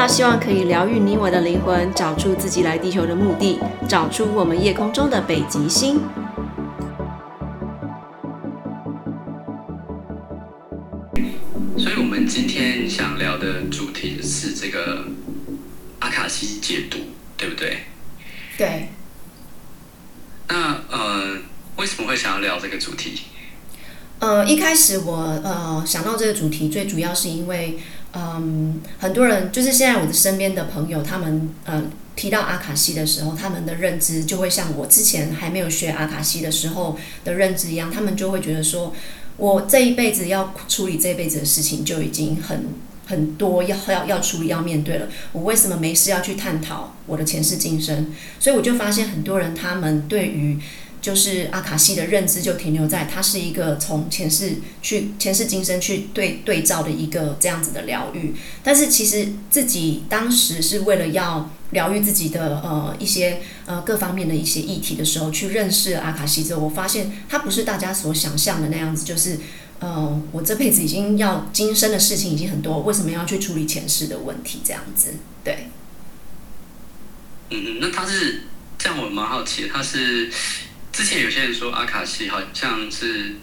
那希望可以療癒你我的靈魂，找出自己來地球的目的，找出我們夜空中的北極星。所以，我們今天想聊的主題是這個阿卡西解讀，對不對？對。那呃，為什麼會想要聊這個主題？呃，一開始我呃想到這個主題，最主要是因為。嗯，um, 很多人就是現在我的身邊的朋友，他們呃、嗯、提到阿卡西的時候，他們的認知就會像我之前還沒有學阿卡西的時候的認知一樣，他們就會覺得說，我這一輩子要處理這一輩子的事情就已經很很多要要要處理要面對了，我為什麼沒事要去探討我的前世今生？所以我就發現很多人他們對於。就是阿卡西的認知就停留在它，是一個從前世去前世今生去對對照的一個這樣子的療癒，但是其實自己當時是為了要療癒自己的呃一些呃各方面的一些議題的時候，去認識了阿卡西之後，我發現它不是大家所想象的那樣子，就是嗯、呃，我這輩子已經要今生的事情已經很多，為什麼要去處理前世的問題？這樣子，對。嗯嗯，那他是這樣，我蠻好奇，他是。之前有些人說阿卡西好像是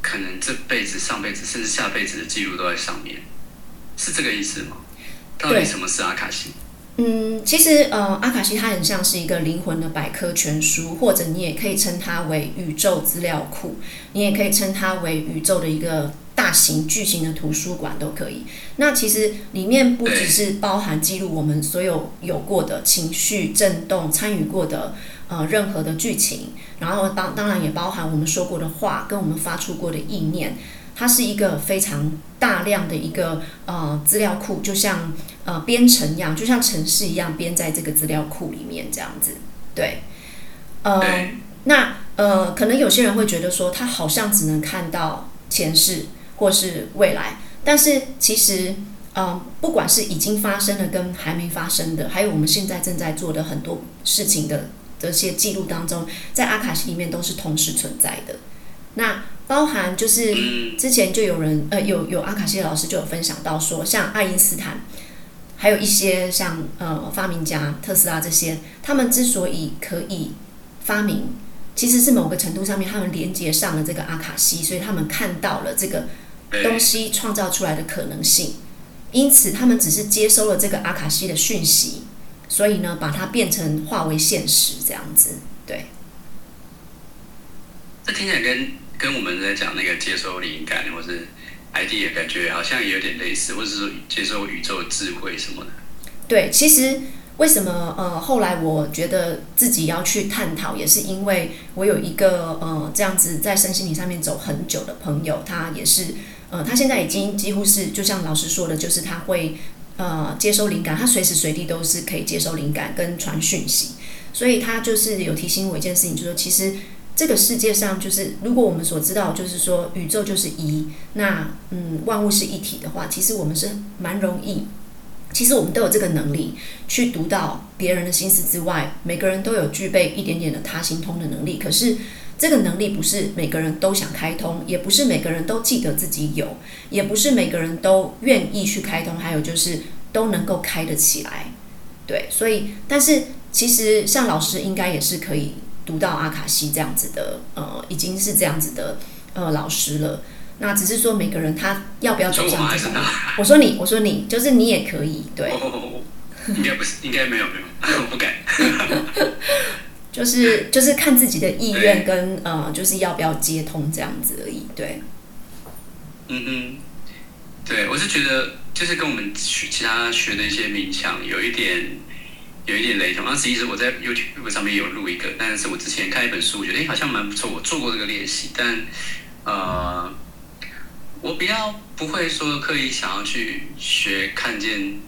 可能這輩子、上輩子甚至下輩子的記錄都在上面，是這個意思嗎？到底什麼是阿卡西？嗯，其實呃，阿卡西它很像是一個靈魂的百科全書，或者你也可以稱它為宇宙資料庫，你也可以稱它為宇宙的一個大型巨型的圖書館都可以。那其實裡面不只是包含記錄我們所有有過的情緒振動、參與過的。呃，任何的劇情，然後當當然也包含我們說過的話，跟我們發出過的意念，它是一個非常大量的一個呃資料庫，就像呃編程一樣，就像程式一樣編在這個資料庫裡面這樣子。對，呃，Okay. 那呃，可能有些人會覺得說，它好像只能看到前世或是未來，但是其實呃，不管是已經發生的跟還沒發生的，還有我們現在正在做的很多事情的。這些記錄當中，在阿卡西裡面都是同時存在的。那包含就是之前就有人呃，有有阿卡西的老師就有分享到說，像愛因斯坦，還有一些像呃發明家特斯拉這些，他們之所以可以發明，其實是某個程度上面他們連接上了這個阿卡西，所以他們看到了這個東西創造出來的可能性。因此，他們只是接收了這個阿卡西的訊息。所以呢，把它變成化為現實，這樣子，對。那聽起來跟跟我們在講那個接收靈感，或是 idea 的感覺，好像也有點類似，或者是接收宇宙智慧什麼的。對，其實為什麼呃，後來我覺得自己要去探討，也是因為我有一個呃這樣子在身心靈上面走很久的朋友，他也是呃，他現在已經幾乎是就像老師說的，就是他會。呃，接收靈感，他隨時隨地都是可以接收靈感跟傳訊息，所以他就是有提醒我一件事情，就是說，其實這個世界上就是如果我們所知道，就是說宇宙就是一，那嗯萬物是一體的話，其實我們是蠻容易，其實我們都有這個能力去讀到別人的心思之外，每個人都有具備一點點的他心通的能力，可是，這個能力不是每個人都想開通，也不是每個人都記得自己有，也不是每個人都願意去開通，還有就是都能夠開得起來，對。所以，但是其實像老師應該也是可以讀到阿卡西這樣子的，呃，已經是這樣子的呃老師了。那只是說每個人他要不要走向自己？說我，他我說你，我說你，就是你也可以，對。哦哦哦應該不是， 應該沒有，沒有，我不敢。 就是就是看自己的意願跟對呃，就是要不要接通這樣子而已。對，嗯嗯，對，我是覺得就是跟我們學其他學的一些冥想有一點有一點雷同。當時其實我在 YouTube 上面有錄一個，但是我之前看一本書，我覺得誒、欸，好像蠻不錯，我做過這個練習，但呃，我比較不會說刻意想要去學看見，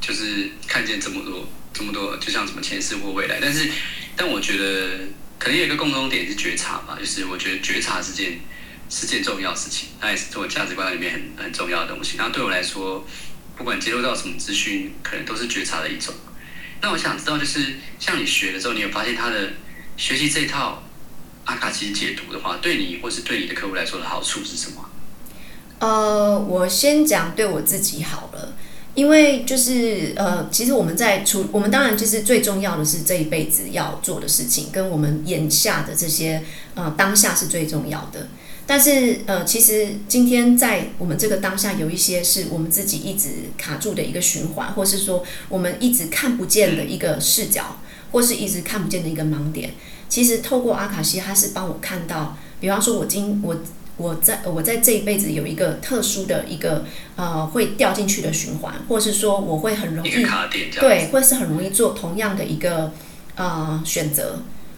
就是看見這麼多這麼多，就像什麼前世或未來，但是，但我覺得可能有一個共同點是覺察吧，就是我覺得覺察是件是件重要事情，那也是我價值觀裡面很很重要的東西。那對我來說，不管接收到什麼資訊，可能都是覺察的一種。那我想知道，就是像你學了之後，你有發現他的學習這套阿卡西解讀的話，對你或是對你的客戶來說的好處是什麼啊？呃，我先講對我自己好了。因為就是呃，其實我們在處，我們當然就是最重要的是這一輩子要做的事情，跟我們眼下的這些呃當下是最重要的。但是呃，其實今天在我們這個當下，有一些是我們自己一直卡住的一個循環，或是說我們一直看不見的一個視角，或是一直看不見的一個盲點。其實透過阿卡西，它是幫我看到，比方說我今我。我在我在這一輩子有一個特殊的一個呃會掉進去的循環，或是說我會很容易卡點，對，或是很容易做同樣的一個呃選擇。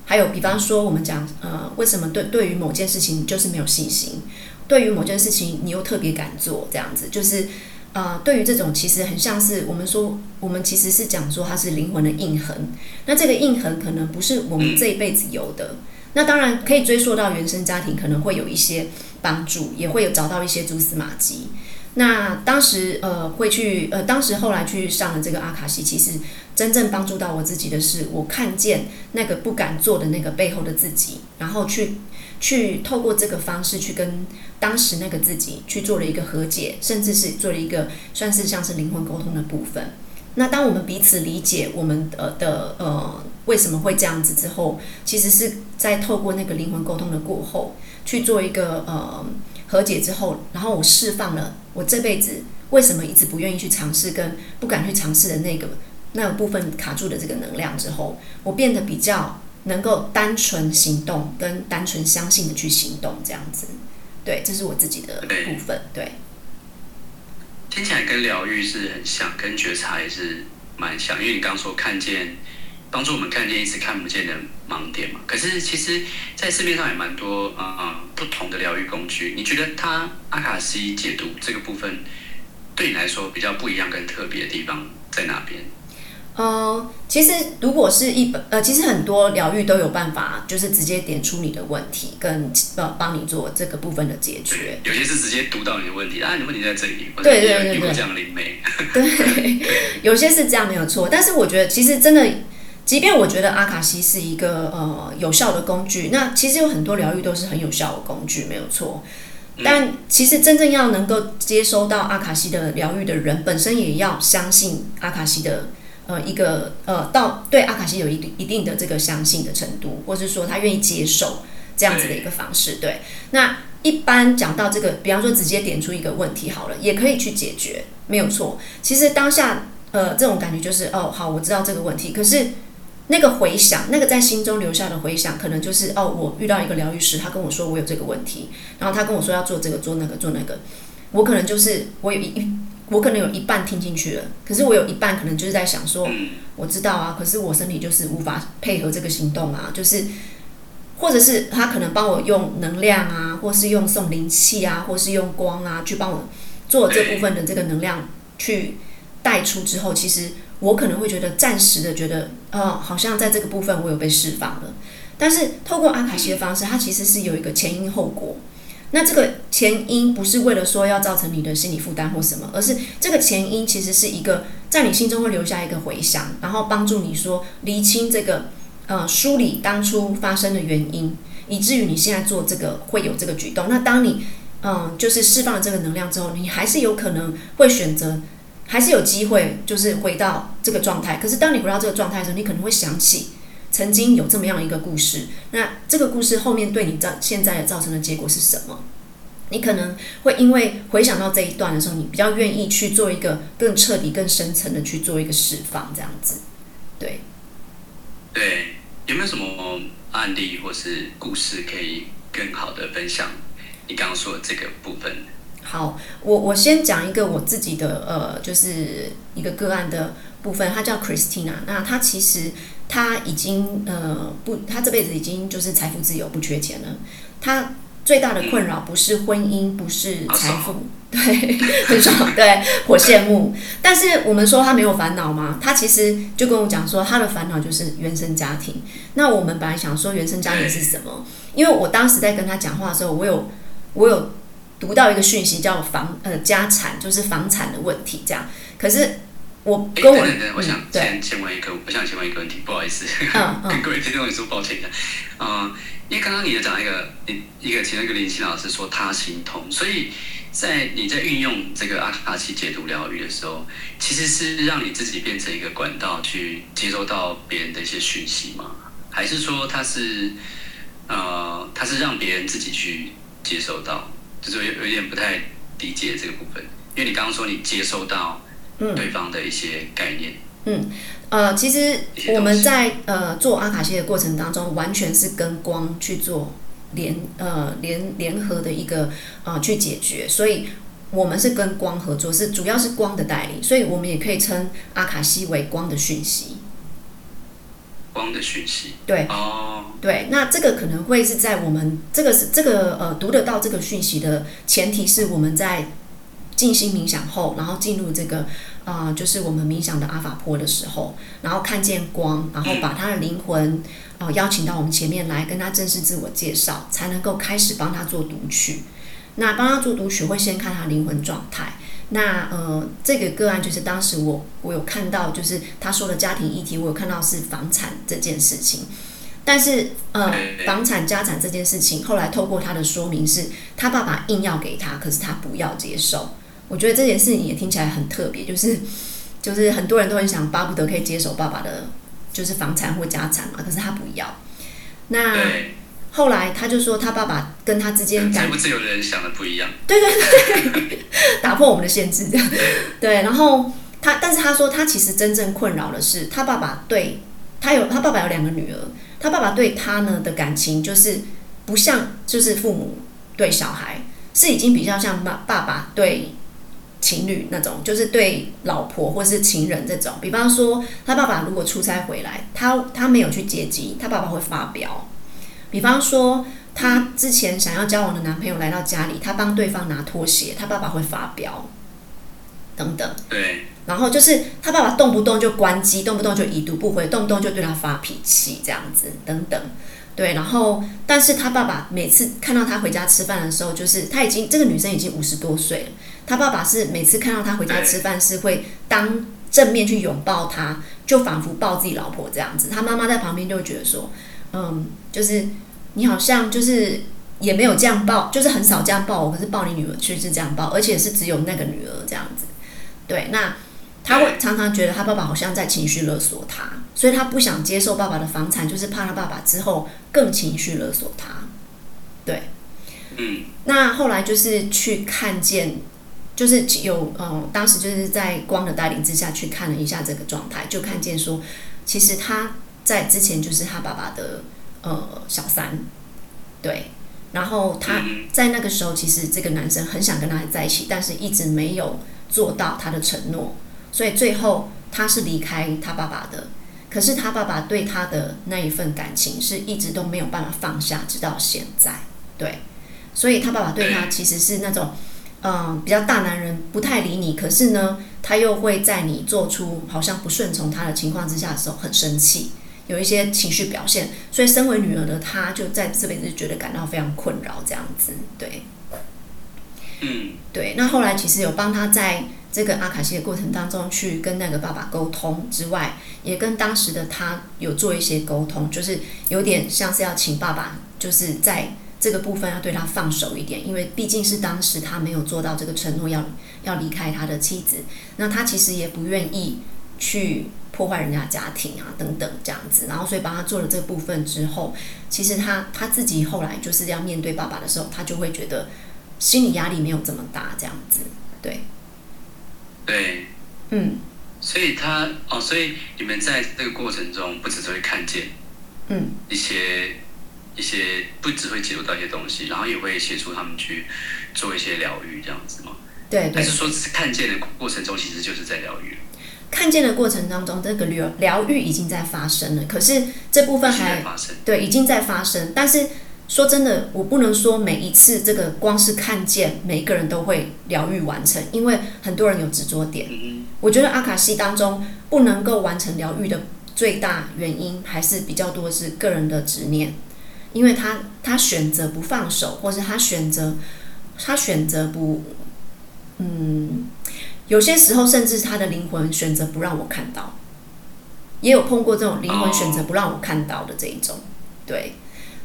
還有，比方說我們講呃為什麼對，對於某件事情你就是沒有信心，對於某件事情你又特別敢做這樣子，就是呃對於這種其實很像是我們說我們其實是講說它是靈魂的印痕。那這個印痕可能不是我們這一輩子有的，嗯、那當然可以追溯到原生家庭，可能會有一些。幫助也會有找到一些蛛絲馬跡。那當時呃會去呃當時後來去上了這個阿卡西，其實真正幫助到我自己的是，我看見那個不敢做的那個背後的自己，然後去去透過這個方式去跟當時那個自己去做了一個和解，甚至是做了一個算是像是靈魂溝通的部分。那當我們彼此理解我們的呃的呃為什麼會這樣子之後，其實是在透過那個靈魂溝通的過後。去做一個呃、嗯、和解之後，然後我釋放了我這輩子為什麼一直不願意去嘗試跟不敢去嘗試的那個那個部分卡住的這個能量之後，我變得比較能夠單純行動跟單純相信的去行動，這樣子。對，這是我自己的部分。Okay. 對，聽起來跟療癒是很像，跟覺察也是蠻像，因為你剛剛說看見。幫助我們看見一直看不見的盲點嘛。可是其實，在市面上也蠻多嗯、呃呃，不同的療癒工具。你覺得它阿卡西解讀這個部分對你來說比較不一樣跟特別的地方在哪邊？嗯、呃，其實如果是一本呃，其實很多療癒都有辦法，就是直接點出你的問題，跟呃幫你做這個部分的解決。有些是直接讀到你的問題，啊，你的問題在這裡。對對對對，你會講靈媒。對，對，對，有些是這樣沒有錯，但是我覺得其實真的。即便我覺得阿卡西是一個呃有效的工具，那其實有很多療癒都是很有效的工具，沒有錯。但其實真正要能夠接收到阿卡西的療癒的人，本身也要相信阿卡西的呃一個呃到對阿卡西有一定一定的這個相信的程度，或是說他願意接受這樣子的一個方式。對，那一般講到這個，比方說直接點出一個問題好了，也可以去解決，沒有錯。其實當下呃這種感覺就是哦，好，我知道這個問題，可是。那個回響，那個在心中留下的回響，可能就是哦，我遇到一個療癒師，他跟我說我有這個問題，然後他跟我說要做這個做那個做那個，我可能就是我有一我可能有一半聽進去了，可是我有一半可能就是在想說，我知道啊，可是我身體就是無法配合這個行動啊，就是或者是他可能幫我用能量啊，或是用送靈氣啊，或是用光啊去幫我做這部分的這個能量去帶出之後，其實。我可能會覺得暫時的覺得，呃，好像在這個部分我有被釋放了，但是透過阿卡西的方式，它其實是有一個前因後果。那這個前因不是為了說要造成你的心理負擔或什麼，而是這個前因其實是一個在你心中會留下一個回響，然後幫助你說釐清這個，呃，梳理當初發生的原因，以至於你現在做這個會有這個舉動。那當你，嗯，呃，就是釋放了這個能量之後，你還是有可能會選擇。還是有機會，就是回到這個狀態。可是，當你回到這個狀態的時候，你可能會想起曾經有這麼樣一個故事。那這個故事後面對你造現在造成的結果是什麼？你可能會因為回想到這一段的時候，你比較願意去做一個更徹底、更深層的去做一個釋放，這樣子。對，對，有沒有什麼案例或是故事可以更好的分享？你剛剛說的這個部分。好，我我先講一個我自己的呃，就是一個個案的部分，他叫 Christina，那他其實他已經呃不，他這輩子已經就是財富自由，不缺錢了。他最大的困擾不是婚姻，不是財富，喔、對，很爽。對，我羨慕。 但是我們說他沒有煩惱嗎？他其實就跟我講說，他的煩惱就是原生家庭。那我們本來想說原生家庭是什麼？嗯、因為我當時在跟他講話的時候，我有我有。讀到一個訊息，叫房呃、家產，就是房產的問題，這樣。可是我跟我，欸，我想先先問一個，嗯、我想先問一個問題，不好意思，uh, uh. 跟各位聽眾，我抱歉一下，呃，因為剛剛你也講一個，一一個前面一個林清老師說他心痛，所以在你在運用這個阿卡西解讀療癒的時候，其實是讓你自己變成一個管道去接收到別人的一些訊息嗎？還是說他是呃他是讓別人自己去接收到？就是有有點不太理解這個部分，因為你剛剛說你接收到對方的一些概念，嗯，嗯，呃，其實我們在呃做阿卡西的過程當中，完全是跟光去做聯呃聯聯合的一個呃去解決，所以我們是跟光合作，是主要是光的代理，所以我們也可以稱阿卡西為光的訊息。光的訊息對哦，uh、對，那這個可能會是在我們這個是這個呃讀得到這個訊息的前提是我們在靜心冥想後，然後進入這個啊、呃，就是我們冥想的阿法波的時候，然後看見光，然後把他的靈魂，然、嗯呃、邀請到我們前面來，跟他正式自我介紹，才能夠開始幫他做讀取。那幫他做讀取會先看他靈魂狀態。那呃，這個個案就是當時我我有看到，就是他說的家庭議題，我有看到是房產這件事情。但是呃，房產家產這件事情，後來透過他的說明是，是他爸爸硬要給他，可是他不要接受。我覺得這件事情也聽起來很特別，就是就是很多人都很想巴不得可以接手爸爸的，就是房產或家產嘛，可是他不要。那。後來他就說，他爸爸跟他之間，感覺太不自由的人想的不一樣。對對對，打破我們的限制。對，然後他，但是他說，他其實真正困擾的是，他爸爸對他有，他爸爸有兩個女兒，他爸爸對他呢的感情，就是不像就是父母對小孩，是已經比較像爸爸爸對情侶那種，就是對老婆或是情人這種。比方說，他爸爸如果出差回來，他他沒有去接機，他爸爸會發飆。比方說，她之前想要交往的男朋友來到家裡，她幫對方拿拖鞋，她爸爸會發飆，等等。對。然後就是她爸爸動不動就關機，動不動就已讀不回，動不動就對她發脾氣，這樣子等等。對。然後，但是她爸爸每次看到她回家吃飯的時候，就是她已經這個女生已經五十多歲了，她爸爸是每次看到她回家吃飯是會當正面去擁抱她，就仿佛抱自己老婆這樣子。她媽媽在旁邊就會覺得說。嗯，就是你好像就是也沒有這樣抱，就是很少這樣抱我，可是抱你女兒卻是這樣抱，而且是只有那個女兒這樣子。對，那他會常常覺得他爸爸好像在情緒勒索他，所以他不想接受爸爸的房產，就是怕他爸爸之後更情緒勒索他。對，嗯，那後來就是去看見，就是有呃、嗯，當時就是在光的帶領之下去看了一下這個狀態，就看見說，其實他。在之前就是他爸爸的呃、小三，對，然後他在那個時候，其實這個男生很想跟他在一起，但是一直沒有做到他的承諾，所以最後他是離開他爸爸的。可是他爸爸對他的那一份感情是一直都沒有辦法放下，直到現在。對，所以他爸爸對他其實是那種嗯、呃、比較大男人，不太理你，可是呢他又會在你做出好像不順從他的情況之下的時候很生氣。有一些情緒表現，所以身為女兒的她就在這邊就覺得感到非常困擾，這樣子，對，嗯，對。那後來其實有幫她在這個阿卡西的過程當中去跟那個爸爸溝通之外，也跟當時的她有做一些溝通，就是有點像是要請爸爸，就是在這個部分要對她放手一點，因為畢竟是當時他沒有做到這個承諾要，要要離開他的妻子，那他其實也不願意去。破壞人家家庭啊，等等這樣子，然後所以幫他做了這部分之後，其實他他自己後來就是要面對爸爸的時候，他就會覺得心理壓力沒有這麼大，這樣子，對，對，嗯，所以他哦，所以你們在這個過程中不只是會看見，嗯，一些一些不只會解讀到一些東西，然後也會協助他們去做一些療癒這樣子嗎？對，還是說看見的過程中其實就是在療癒？看見的過程當中，這個療療癒已經在發生了。可是這部分還已經在發生對，已經在發生。但是說真的，我不能說每一次這個光是看見，每個人都會療癒完成，因為很多人有執着點。嗯、我覺得阿卡西當中不能夠完成療癒的最大原因，還是比較多是個人的執念，因為他他選擇不放手，或是他選擇他選擇不嗯。有些時候，甚至他的靈魂選擇不讓我看到，也有碰過這種靈魂選擇不讓我看到的這一種。對，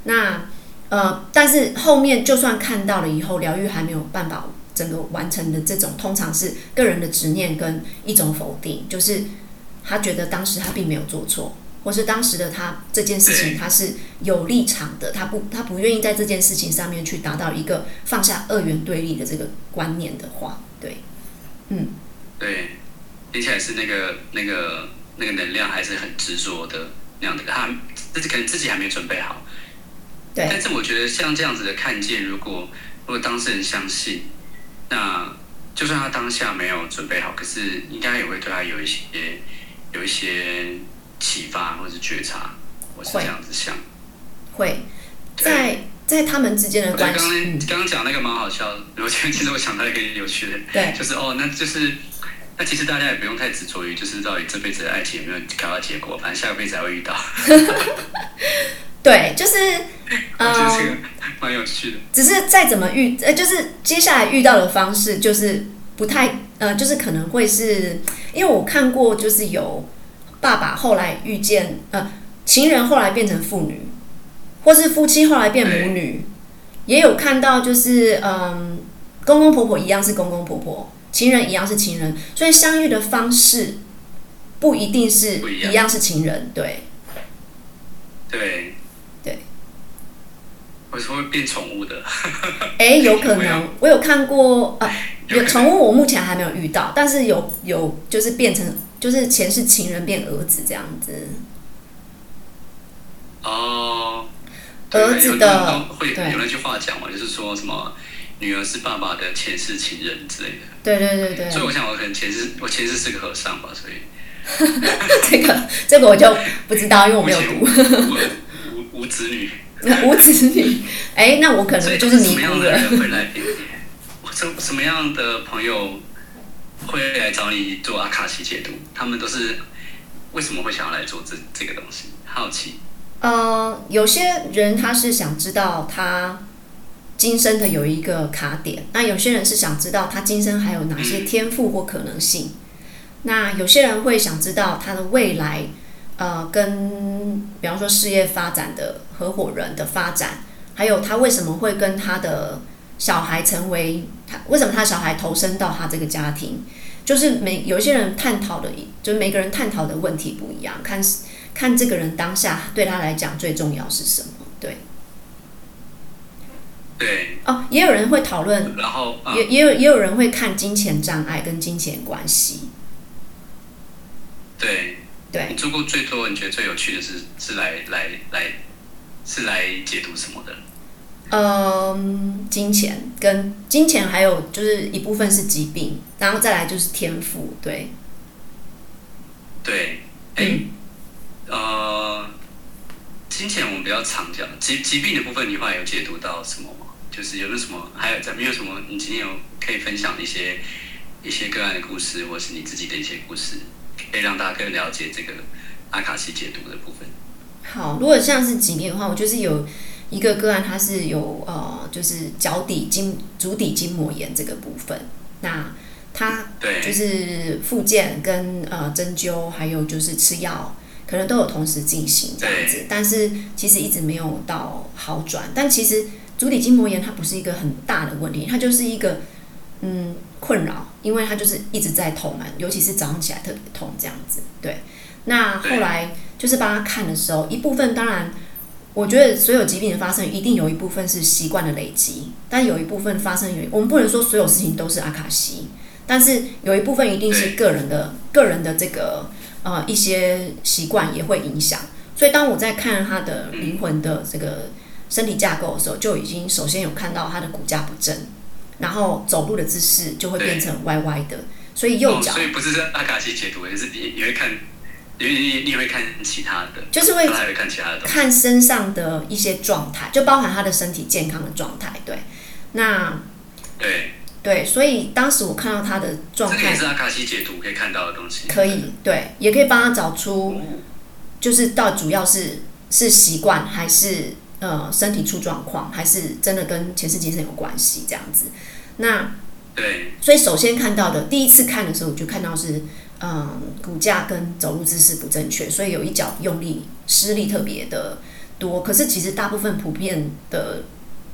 那呃，但是後面就算看到了以後，療癒還沒有辦法整個完成的這種，通常是個人的執念跟一種否定，就是他覺得當時他並沒有做錯，或是當時的他這件事情他是有立場的，他不，他不願意在這件事情上面去達到一個放下二元對立的這個觀念的話，對。嗯，對，聽起來是那個、那個、那個能量還是很執着的那樣的，他自己可能自己還沒準備好。對。但是我覺得像這樣子的看見，如果，如果當事人相信，那就算他當下沒有準備好，可是應該也會對他有一些、有一些啟發或者覺察。會我是這樣子想。會，會對。在他們之間的關係。剛剛講那個蠻好笑的，然後、嗯、其實我想到一個有趣的， 對 就是哦，那就是那其實大家也不用太執着於，就是到底這輩子的愛情有沒有找到結果，反正下一輩子還會遇到。 對，就是，就是蠻有趣的、呃。只是再怎麼遇，呃，就是接下來遇到的方式，就是不太，呃，就是可能會是，因為我看過，就是有爸爸後來遇見，呃，情人後來變成婦女。或是夫妻後來變母女，對也有看到就是嗯，公公婆婆一樣是公公婆婆，情人一樣是情人，所以相遇的方式不一定是一樣，一樣是情人，對，對對，對為什麼會變寵物的？哎、 欸，有可能，我有看過啊，有寵物，我目前還沒有遇到，但是有有就是變成就是前世情人變兒子這樣子，哦。兒子的會有那句話講嘛，對就是說什麼女兒是爸爸的前世情人之類的。對對對對。所以我想，我可能前世我前世是個和尚吧，所以。 這個這個我就不知道，因為我沒有讀。無無子女。無子女，哎， 那我可能就是你。什麼樣的人會來什什麼樣的朋友會來找你做阿卡西解讀？他們都是為什麼會想要來做這這個東西？好奇。呃，有些人他是想知道他今生的有一個卡點，那有些人是想知道他今生還有哪些天賦或可能性。那有些人會想知道他的未來，呃，跟比方說事業發展的合夥人的發展，還有他為什麼會跟他的小孩成為他為什麼他的小孩投生到他這個家庭，就是每有一些人探討的，就是每個人探討的問題不一樣，看。看這個人當下對他來講最重要是什麼？對，對。哦，也有人會討論，然後也也也有人會看金錢障礙跟金錢關係。對對，對你做過最多，你覺得最有趣的是是來來來是來解讀什麼的？嗯，金錢跟金錢，還有就是一部分是疾病，然後再來就是天賦。對，對，欸。嗯。呃，金錢我們比較常講，疾疾病的部分，你後來有解讀到什麼嗎？就是有沒有什麼，還有咱們有什麼？你今天有可以分享一些一些個案的故事，或是你自己的一些故事，可以讓大家更了解這個阿卡西解讀的部分。好，如果像是疾病的話，我就是有一個個案，它是有呃，就是腳底筋、足底筋膜炎這個部分，那它對就是復健跟、嗯、呃針灸，還有就是吃藥。可能都有同時進行這樣子，但是其實一直沒有到好轉。但其實足底筋膜炎它不是一個很大的問題，它就是一個嗯困擾，因為它就是一直在痛嘛，尤其是早上起來特別痛這樣子。對，那後來就是幫他看的時候，一部分當然我覺得所有疾病的發生一定有一部分是習慣的累積，但有一部分發生原因我們不能說所有事情都是阿卡西，但是有一部分一定是個人的個人的這個。呃，一些習慣也會影響，所以當我在看他的靈魂的這個身體架構的時候，嗯、就已經首先有看到他的骨架不正，然後走路的姿勢就會變成歪歪的。對所以右腳，所以不是說阿卡西解讀，也是你你會看，你你你會看其他的，就是會，還會看其他的，看身上的一些狀態，就包含他的身體健康的狀態。對，那對。對，所以當時我看到他的狀態，這個也是阿卡西解讀可以看到的東西。可以，對，也可以幫他找出，就是到主要是是習慣還是呃身體出狀況，還是真的跟前世今生有關係這樣子。那對，所以首先看到的，第一次看的時候我就看到是嗯骨架跟走路姿勢不正確，所以有一腳用力施力特別的多。可是其實大部分普遍的。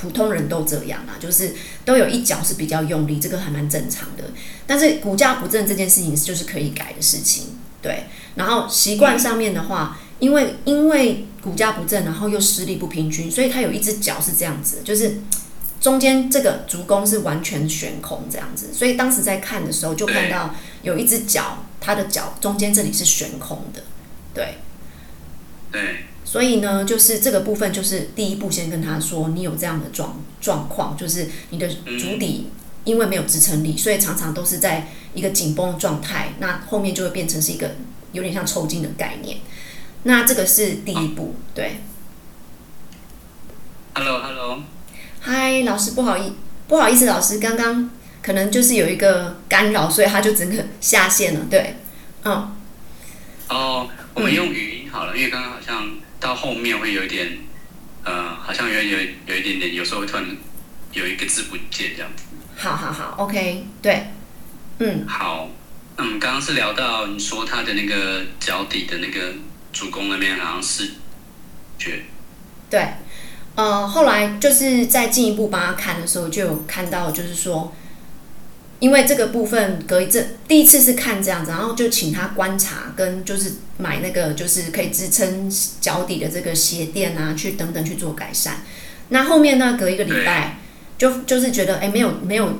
普通人都這樣啊，就是都有一腳是比較用力，這個還蠻正常的。但是骨架不正這件事情就是可以改的事情，對。然後習慣上面的話，因為因為骨架不正，然後又施力不平均，所以他有一隻腳是這樣子，就是中間這個足弓是完全懸空這樣子。所以當時在看的時候，就看到有一隻腳，它的腳中間這裡是懸空的，對。對。所以呢，就是這個部分，就是第一步，先跟他說你有這樣的狀狀況，就是你的足底因為沒有支撐力，嗯、所以常常都是在一個緊繃的狀態，那後面就會變成是一個有點像抽筋的概念。那這個是第一步，啊、對。Hello，Hello，Hi，老師，不好意，不好意思，老師，剛剛可能就是有一個干擾，所以他就整個下線了，對，嗯。哦，oh, 我們用語音好了，因為剛剛好像。到後面會有一點，呃，好像有有有一點點，有時候會突然有一個字不見這樣子。好好好，OK，對，嗯，好。那我們剛剛是聊到你說他的那個腳底的那個足弓那邊好像是絕，對，呃，後來就是再進一步幫他看的時候，就有看到就是說。因為這個部分隔一陣，第一次是看這樣子，然後就請他觀察跟就是買那個就是可以支撐腳底的這個鞋墊啊，去等等去做改善。那後面呢，隔一個禮拜就就是覺得誒，沒有沒有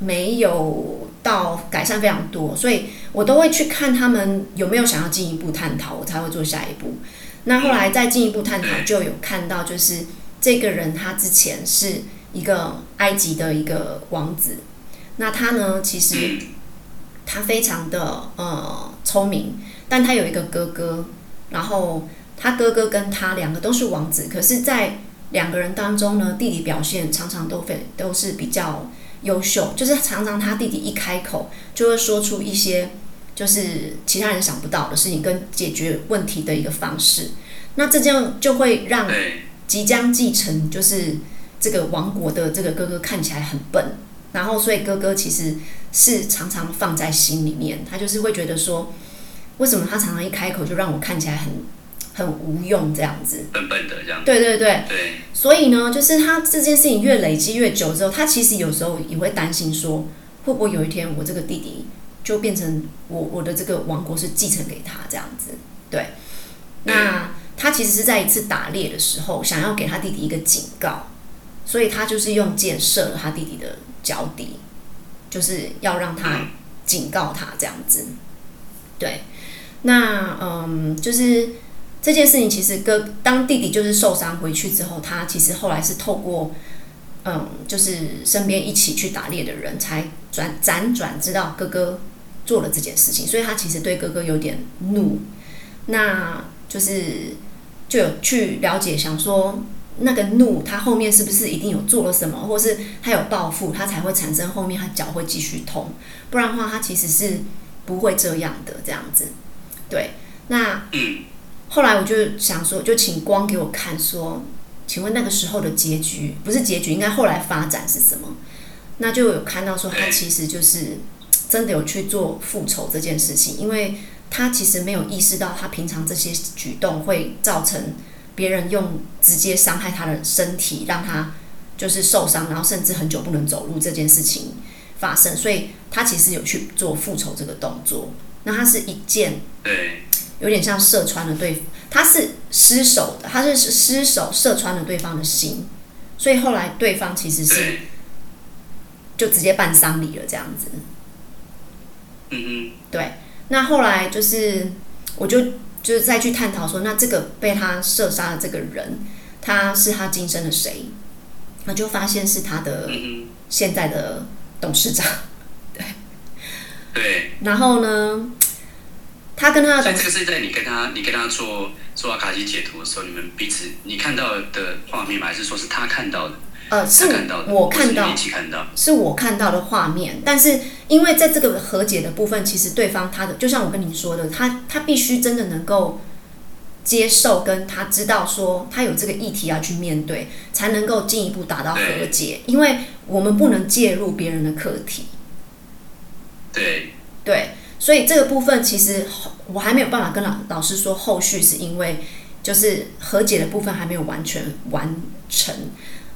沒有到改善非常多，所以我都會去看他們有沒有想要進一步探討，我才會做下一步。那後來再進一步探討，就有看到就是這個人他之前是一個埃及的一個王子。那他呢，其實他非常的呃聰明，但他有一個哥哥，然後他哥哥跟他兩個都是王子，可是，在兩個人當中呢，弟弟表現常常都非都是比較優秀，就是常常他弟弟一開口就會說出一些就是其他人想不到的事情跟解決問題的一個方式，那這樣就會讓即將繼承就是這個王國的這個哥哥看起來很笨。然後，所以哥哥其實是常常放在心裡面，他就是會覺得說，為什麼他常常一開口就讓我看起來很很無用這樣子，笨笨的這樣子。對對對。對。所以呢，就是他這件事情越累積越久之後，他其實有時候也會擔心說，會不會有一天我這個弟弟就變成我我的這個王國是繼承給他這樣子。對。嗯。那他其實是在一次打獵的時候，想要給他弟弟一個警告，所以他就是用箭射了他弟弟的。腳底，就是要讓他警告他這樣子，對，那嗯，就是這件事情，其實哥當弟弟就是受傷回去之後，他其實後來是透過嗯，就是身邊一起去打獵的人，才轉輾轉知道哥哥做了這件事情，所以他其實對哥哥有點怒，那就是就有去了解，想說，那個怒，他後面是不是一定有做了什麼，或是他有報復，他才會產生後面他腳會繼續痛，不然的話，他其實是不會這樣的這樣子。對，那後來我就想說，就請光給我看說，請問那個時候的結局不是結局，應該後來發展是什麼？那就有看到說，他其實就是真的有去做復仇這件事情，因為他其實沒有意識到他平常這些舉動會造成。別人用直接傷害他的身體，讓他就是受傷，然後甚至很久不能走路這件事情發生，所以他其實有去做復仇這個動作。那他是一箭，有點像射穿了對，他是失手的，他是失手射穿了對方的心，所以後來對方其實是就直接辦喪禮了這樣子。嗯嗯，對。那後來就是我就。就是再去探討說，那這個被他射殺的這個人，他是他今生的誰？那就發現是他的現在的董事長，對。對。然後呢，他跟他說這個是在你跟他、你跟他做做阿卡西解讀的時候，你們彼此你看到的畫面嗎？還是說是他看到的？呃，是我看到，是我看到的畫面，但是因為在這個和解的部分，其實對方他的就像我跟你說的，他他必須真的能夠接受，跟他知道說他有這個議題要去面對，才能夠進一步達到和解，對因為我們不能介入別人的課題。對對，所以這個部分其實我還沒有辦法跟老老師說後續，是因為就是和解的部分還沒有完全完成。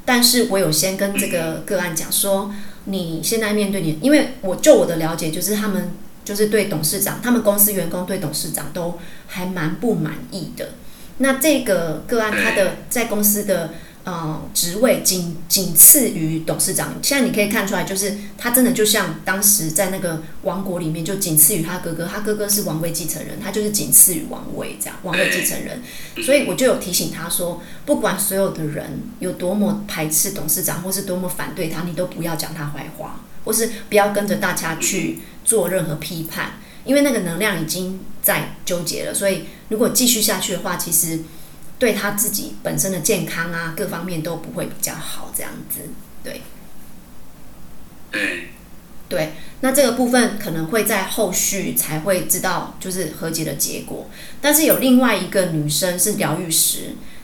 但是我有先跟這個個案講說，你現在面對你，因為我就我的了解，就是他們就是對董事長，他們公司員工對董事長都還蠻不滿意的。那這個個案，他的在公司的。呃，職位僅僅次於董事長。現在你可以看出來，就是他真的就像當時在那個王國裡面，就僅次於他哥哥。他哥哥是王位繼承人，他就是僅次於王位這樣，王位繼承人。所以我就有提醒他說，不管所有的人有多麼排斥董事長，或是多麼反對他，你都不要講他壞話，或是不要跟着大家去做任何批判，因為那個能量已經在糾結了。所以如果繼續下去的話，其實。對他自己本身的健康啊，各方面都不會比較好，這樣子，對，對，對。那這個部分可能會在後續才會知道，就是和解的結果。但是有另外一個女生是療癒師，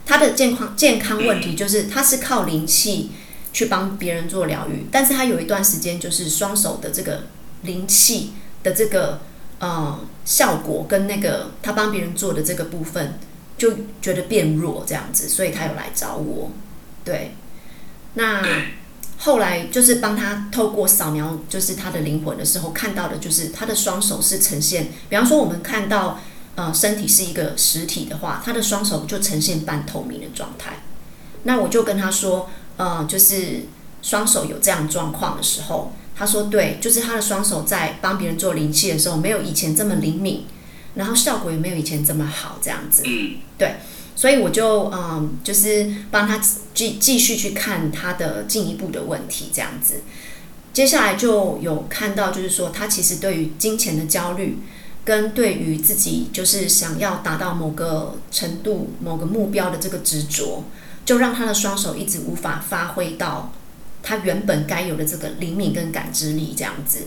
她的健康健康問題就是她是靠靈氣去幫別人做療癒，但是她有一段時間就是雙手的這個靈氣的這個呃效果跟那個她幫別人做的這個部分。就覺得變弱這樣子，所以他有來找我。對，那後來就是幫他透過掃描，就是他的靈魂的時候，看到的就是他的雙手是呈現，比方說我們看到呃身體是一個實體的話，他的雙手就呈現半透明的狀態。那我就跟他說，呃，就是雙手有這樣狀況的時候，他說對，就是他的雙手在幫別人做靈氣的時候，沒有以前這麼靈敏。然後效果也沒有以前這麼好，這樣子，嗯、對，所以我就嗯，就是幫他繼繼續去看他的進一步的問題，這樣子。接下來就有看到，就是說他其實對於金錢的焦慮，跟對於自己就是想要達到某個程度、某個目標的這個執着，就讓他的雙手一直無法發揮到他原本該有的這個靈敏跟感知力，這樣子。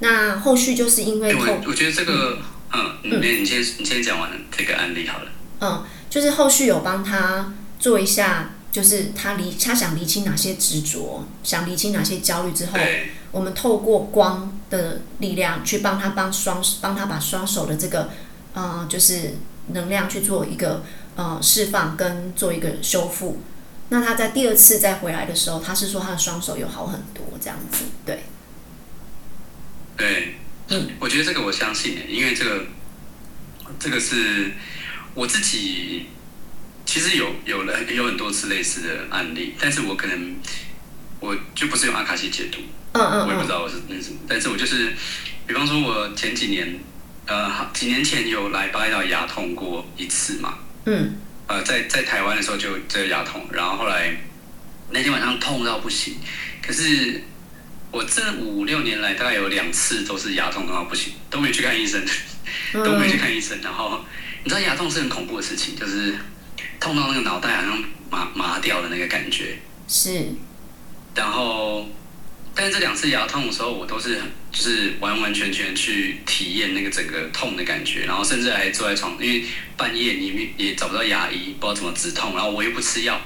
那後續就是因為，我我覺得這個。嗯嗯，你你先你先講完這個案例好了。嗯，就是後續有幫他做一下，就是他離他想理清哪些執着，想理清哪些焦慮之後，對我們透過光的力量去幫他幫雙幫他把雙手的這個啊、呃，就是能量去做一個呃釋放，跟做一個修復。那他在第二次再回來的時候，他是說他的雙手有好很多這樣子，對。對。嗯，我覺得這個我相信、欸、因為這個，這個是我自己其實有有了有很多次類似的案例，但是我可能我就不是用阿卡西解讀，啊、我也不知道我是那什麼，嗯、但是我就是，比方說，我前幾年，呃，幾年前有來巴厘島牙痛過一次嘛，嗯，呃，在在台灣的時候就有這個牙痛，然後後來那天晚上痛到不行，可是。我這五六年來大概有兩次都是牙痛，然後不行，都沒去看醫生，嗯、都沒去看醫生。然後你知道牙痛是很恐怖的事情，就是痛到那個腦袋好像麻麻掉的那個感覺。是。然後，但是這兩次牙痛的時候，我都是很就是完完全全去體驗那個整個痛的感覺，然後甚至還坐在床，因為半夜你也找不到牙醫，不知道怎麼止痛，然後我又不吃藥，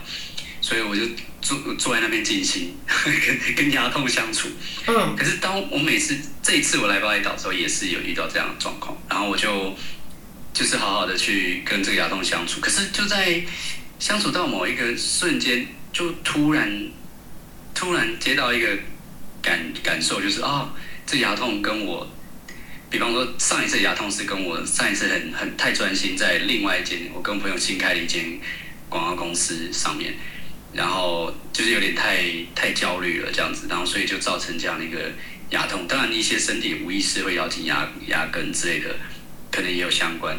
所以我就。坐坐在那邊靜心，跟跟牙痛相處。嗯，可是當我每次這一次我來巴厘島的時候，也是有遇到這樣的狀況，然後我就就是好好的去跟這個牙痛相處。可是就在相處到某一個瞬間，就突然突然接到一個感感受，就是啊、哦，這牙痛跟我，比方說上一次牙痛是跟我上一次很很太專心在另外一間我跟朋友新開了一間廣告公司上面。然後就是有點太太焦慮了，這樣子，然後所以就造成這樣的一個牙痛。當然，一些身體無意識會咬緊牙牙根之類的，可能也有相關。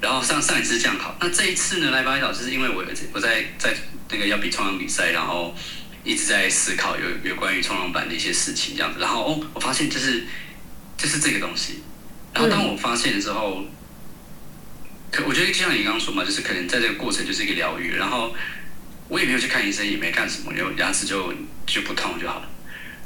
然後上上一次這樣考，那這一次呢，來拔牙就是因為我我在在那個要比衝浪比賽，然後一直在思考有有關於衝浪板的一些事情這樣子。然後哦，我發現就是就是這個東西。然後當我發現了之後，可、嗯、我覺得就像你剛剛說嘛，就是可能在這個過程就是一個療癒，然後。我也沒有去看醫生，也沒幹什麼，然後牙齒就就不痛就好了。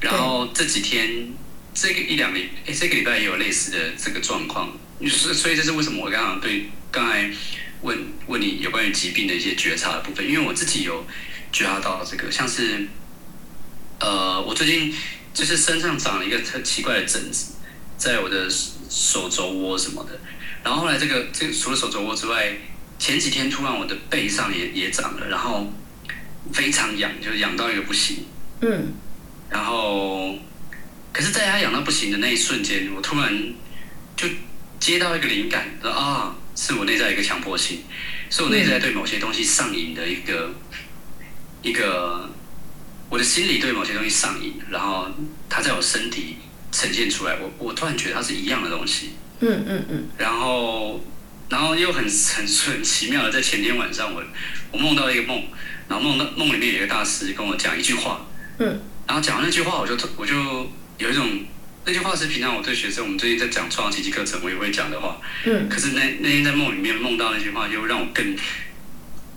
然後這幾天這個一兩個月、哎、這個禮拜也有類似的這個狀況，所以所以這是為什麼我剛剛對剛才問問你有關於疾病的一些覺察的部分，因為我自己有覺察到這個，像是呃，我最近就是身上長了一個特奇怪的疹子，在我的手手肘窩什麼的，然後後來這個這個、除了手肘窩之外，前幾天突然我的背上也也長了，然後。非常癢，就癢到一個不行。嗯，然後，可是在他癢到不行的那一瞬間，我突然就接到一個靈感，說啊，是我內在一個強迫性，是我內在對某些東西上癮的一個、嗯、一個，我的心裡對某些東西上癮，然後它在我身體呈現出來，我我突然覺得它是一樣的東西。嗯嗯嗯，嗯嗯然後。然後又很很很奇妙的，在前天晚上我，我我夢到一個夢，然後夢到夢裡面有一個大師跟我講一句話，嗯，然後講完那句話，我就我就有一種那句話是平常我對學生，我們最近在講創奇蹟課程，我也會講的話，嗯，可是那那天在夢裡面夢到那句話，又讓我更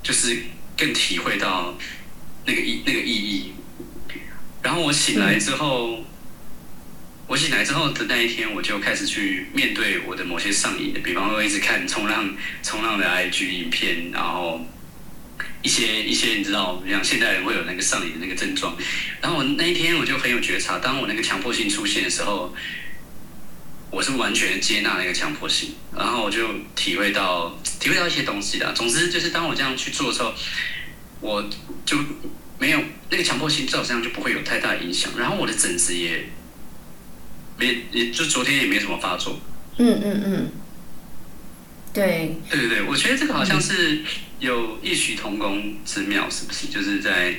就是更體會到那個意那個意義，然後我醒來之後。嗯我醒來之後的那一天，我就開始去面對我的某些上癮的，比方說一直看衝浪、衝浪的 IG 影片，然後一些一些，你知道，像現代人會有那個上癮的那個症狀。然後我那一天我就很有覺察，當我那個強迫性出現的時候，我是完全接納那個強迫性，然後我就體會到體會到一些東西的，啊。總之，就是當我這樣去做的時候，我就沒有那個強迫性，實際上就不會有太大影響。然後我的整體也。沒，也就昨天也沒什麼發作。嗯嗯嗯，對，對對對，我覺得這個好像是有異曲同工之妙，嗯、是不是？就是在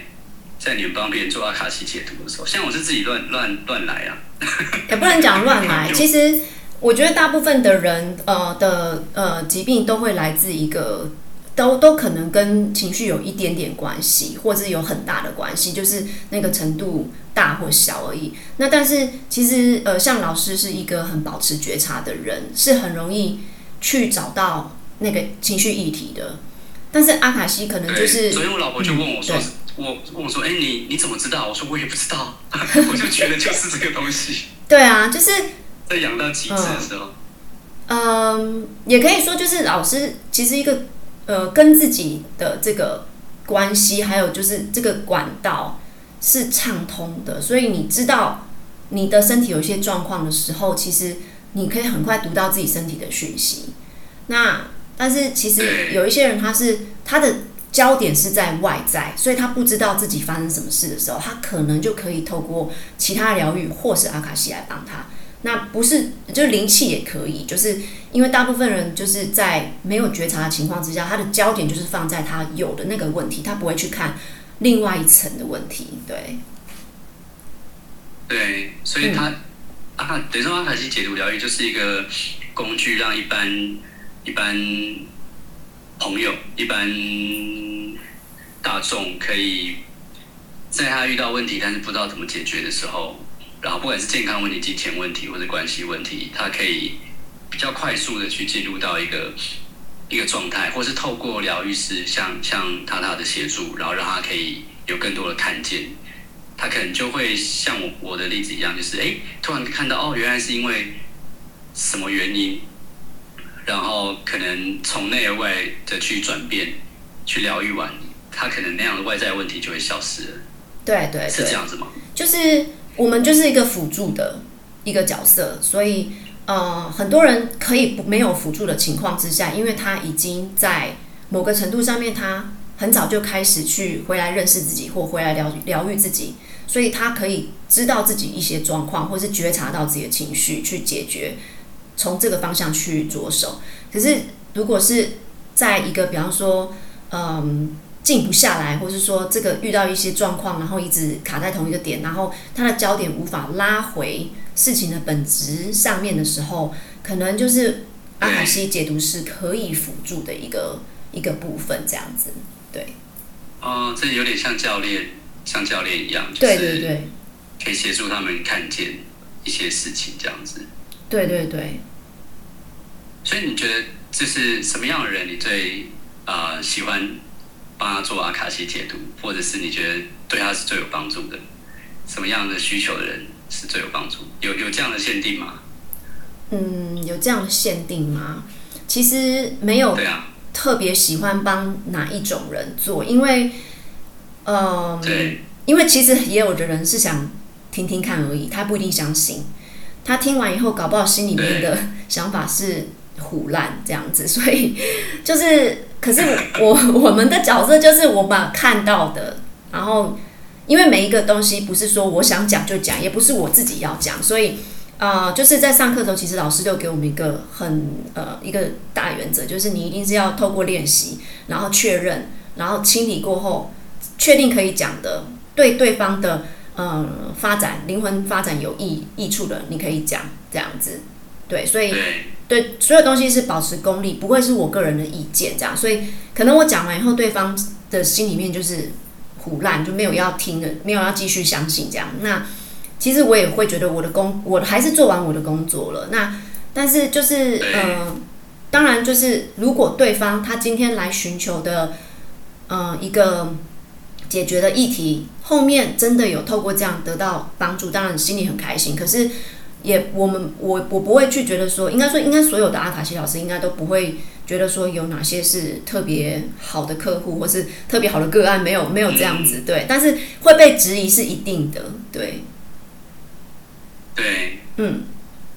在你們幫別人做阿卡西解讀的時候，像我是自己亂亂亂來啊，也不能講亂來。 就其實我覺得大部分的人，呃的呃疾病都會來自一個，都都可能跟情緒有一點點關係，或者是有很大的關係，就是那個程度。大或小而已。那但是其實，呃，像老師是一個很保持覺察的人，是很容易去找到那個情緒議題的。但是阿卡西可能就是，所以我老婆就問我說：“嗯、我問我說，哎、欸，你你怎麼知道？”我說：“我也不知道， 我就覺得就是這個東西。” 對啊，就是在養到極致的時候。嗯，也可以說就是老師其實一個呃，跟自己的這個關係，還有就是這個管道。是暢通的，所以你知道你的身體有一些狀況的時候，其實你可以很快讀到自己身體的訊息。那但是其實有一些人他是他的焦點是在外在，所以他不知道自己發生什麼事的時候，他可能就可以透過其他療癒或是阿卡西來幫他。那不是就靈氣也可以，就是因為大部分人就是在沒有覺察的情況之下，他的焦點就是放在他有的那個問題，他不會去看。另外一層的問題，對，對，所以他、嗯、啊，等於說阿卡西解讀療癒就是一個工具，讓一般一般朋友、一般大眾可以在他遇到問題但是不知道怎麼解決的時候，然後不管是健康問題、金錢問題或者關係問題，他可以比較快速的去進入到一個。一個狀態，或是透過療癒師，像像塔塔的協助，然後讓他可以有更多的看見，他可能就會像我我的例子一樣，就是誒，突然看到哦，原來是因為什麼原因，然後可能從內而外的去轉變，去療癒完，他可能那樣的外在問題就會消失了。對對，對，是這樣子嗎？就是我們就是一個輔助的一個角色，所以。呃，很多人可以不沒有輔助的情況之下，因為他已經在某個程度上面，他很早就開始去回來認識自己，或回來療療癒自己，所以他可以知道自己一些狀況，或是覺察到自己的情緒去解決，從這個方向去着手。可是，如果是在一個比方說，嗯，靜不下來，或是說這個遇到一些狀況，然後一直卡在同一個點，然後他的焦點無法拉回。事情的本質上面的時候，可能就是阿卡西解讀是可以輔助的一個對一個部分，這樣子。對。哦、呃，這有點像教練，像教練一樣，就是可以協助他們看見一些事情，這樣子。對對對。所以你覺得這是什麼樣的人？你最啊、呃、喜歡幫他做阿卡西解讀，或者是你覺得對他是最有幫助的什麼樣的需求的人？是最有幫助，有有這樣的限定嗎？嗯，有這樣的限定嗎？其實沒有特別喜歡幫哪一種人做，因為，嗯、呃，所以 因為其實也有的人是想聽聽看而已，他不一定相信，他聽完以後，搞不好心裡面的想法是唬爛這樣子，對 所以就是，可是我 我們的角色就是我們看到的，然後。因為每一個東西不是說我想講就講，也不是我自己要講，所以，呃，就是在上課的時候，其實老師就給我們一個很呃一個大原則，就是你一定是要透過練習，然後確認，然後清理過後，確定可以講的，對對方的嗯、呃、發展、靈魂發展有益益處的，你可以講這樣子。對，所以對所有東西是保持功力，不會是我個人的意見這樣。所以可能我講完以後，對方的心裡面就是。鼓爛就沒有要聽的，沒有要繼續相信這樣。那其實我也會覺得我的工，我還是做完我的工作了。那但是就是，嗯、呃，當然就是，如果對方他今天來尋求的，嗯、呃，一個解決的議題，後面真的有透過這樣得到幫助，當然心裡很開心。可是。也我們我我不會去覺得說，應該說應該所有的阿卡西老師應該都不會覺得說有哪些是特別好的客戶或是特別好的個案，沒有沒有這樣子、嗯、對，但是會被質疑是一定的，對，對，嗯，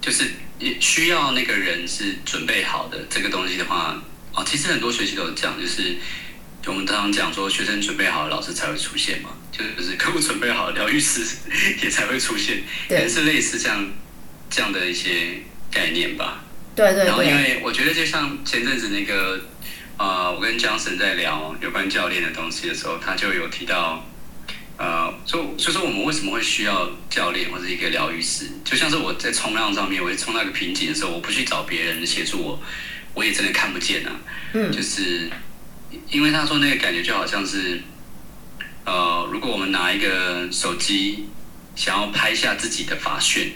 就是也需要那個人是準備好的這個東西的話，哦，其實很多學習都有講，就是我們常常講說，學生準備好了，老師才會出現嘛，就是，就是客戶準備好，療癒師也才會出現，也對是類似這樣。這樣的一些概念吧。對對,對。然後，因為我覺得，就像前陣子那個，呃，我跟江神在聊有關教練的東西的時候，他就有提到，呃，所所以說，我們為什麼會需要教練或者一個療癒師？就像是我在衝浪上面，我衝到一個瓶頸的時候，我不去找別人協助我，我也真的看不見啊。嗯。就是因為他說那個感覺就好像是，呃，如果我們拿一個手機想要拍下自己的髮旋。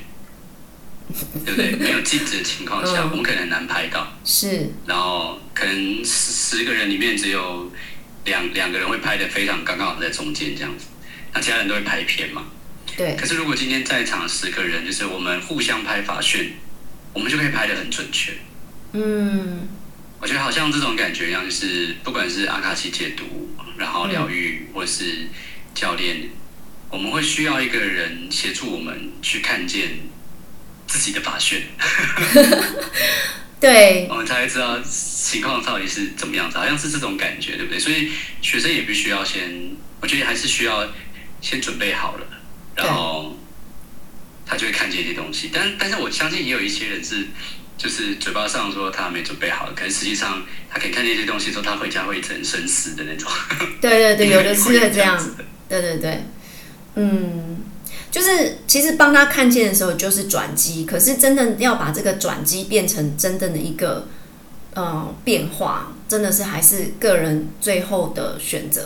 對不對？沒有鏡子的情況下，嗯、我們可能很難拍到。是，然後可能十個人裡面只有兩兩個人會拍得非常剛剛好在中間這樣子，那其他人都會拍偏嘛。對。可是如果今天在場十個人，就是我們互相拍髮旋，我們就可以拍得很準確。嗯，我覺得好像這種感覺一樣，就是不管是阿卡西解讀，然後療癒，嗯、或是教練，我們會需要一個人協助我們去看見。自己的發現 對，我們才會知道情況到底是怎麼樣子，好像是這種感覺，對不對？所以學生也必須要先，我覺得還是需要先準備好了，然後他就會看見一些東西。對但但是我相信也有一些人是，就是嘴巴上說他沒準備好，可是實際上他可以看見一些東西，說他回家會很深思的那種。對對對， 有的是這樣子，對對對，嗯。就是其實幫他看見的時候就是轉機，可是真的要把這個轉機變成真正的一個嗯、呃、變化，真的是還是個人最後的選擇。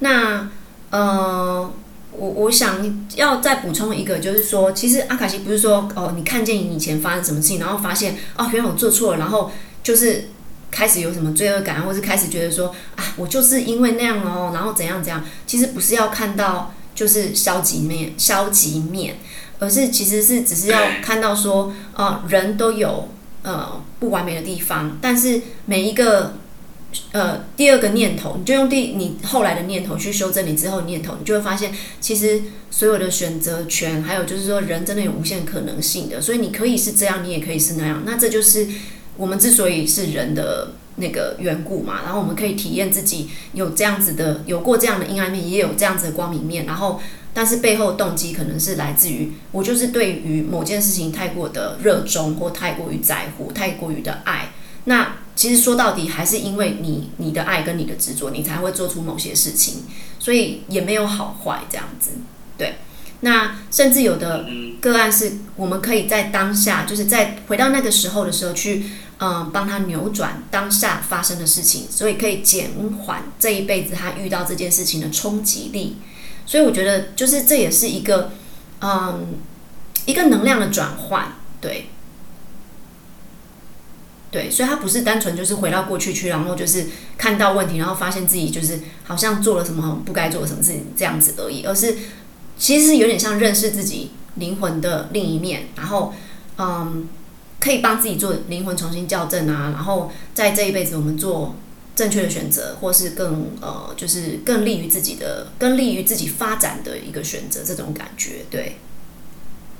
那嗯、呃，我我想要再補充一個，就是說，其實阿卡西不是說哦，你看見你以前發生什麼事情，然後發現哦，原來我做錯了，然後就是開始有什麼罪惡感，或是開始覺得說啊，我就是因為那樣哦，然後怎樣怎樣。其實不是要看到。就是消極面，消極面，而是其實是只是要看到說，啊、呃，人都有呃不完美的地方，但是每一個呃第二個念頭，你就用第你後來的念頭去修正你之後的念頭，你就會發現，其實所有的選擇權，還有就是說人真的有無限可能性的，所以你可以是這樣，你也可以是那樣，那這就是我們之所以是人的。那個緣故嘛，然後我們可以體驗自己有這樣子的，有過這樣的陰暗面，也有這樣子的光明面。然後，但是背後動機可能是來自於我就是對於某件事情太過的熱衷，或太過於在乎，太過於的愛。那其實說到底還是因為你你的愛跟你的執着，你才會做出某些事情，所以也沒有好壞這樣子。對，那甚至有的個案是我們可以在當下，就是在回到那個時候的時候去。嗯，幫他扭轉當下發生的事情，所以可以減緩這一輩子他遇到這件事情的衝擊力。所以我覺得，就是這也是一個，嗯，一個能量的轉換，對，對。所以他不是單純就是回到過去去，然後就是看到問題，然後發現自己就是好像做了什麼不該做的什麼事情這樣子而已，而是其實是有點像認識自己靈魂的另一面，然後，嗯。可以幫自己做靈魂重新校正啊，然後在這一輩子我們做正確的選擇，或是更呃，就是更利於自己的，更利於自己發展的一個選擇，這種感覺，對，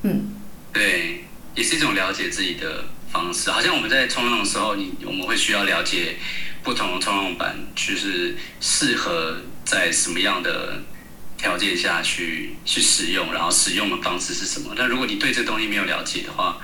嗯，對，也是一種了解自己的方式。好像我們在衝浪的時候，你我們會需要了解不同的衝浪板，就是適合在什麼樣的條件下去去使用，然後使用的方式是什麼。但如果你對這東西沒有了解的話，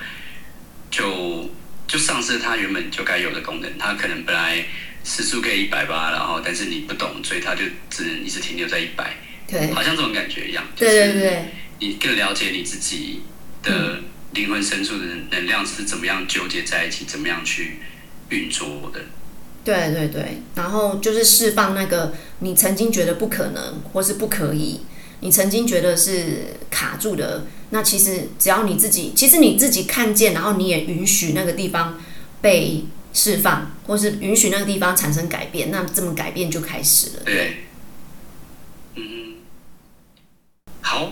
就就喪失它原本就該有的功能，它可能本來時速可以一百八，然後但是你不懂，所以它就只能一直停留在一百，對，好像這種感覺一樣。對對對，你更了解你自己的靈魂深處的能量是怎麼樣糾結在一起，嗯，怎麼樣去運作的。對對對，然後就是釋放那個你曾經覺得不可能或是不可以。你曾經覺得是卡住的，那其實只要你自己，其實你自己看見，然後你也允許那個地方被釋放，或是允許那個地方產生改變，那這麼改變就開始了。對，對嗯，好，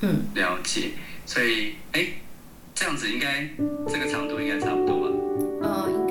嗯，了解。所以，哎、欸，這樣子應該這個長度應該差不多吧？呃，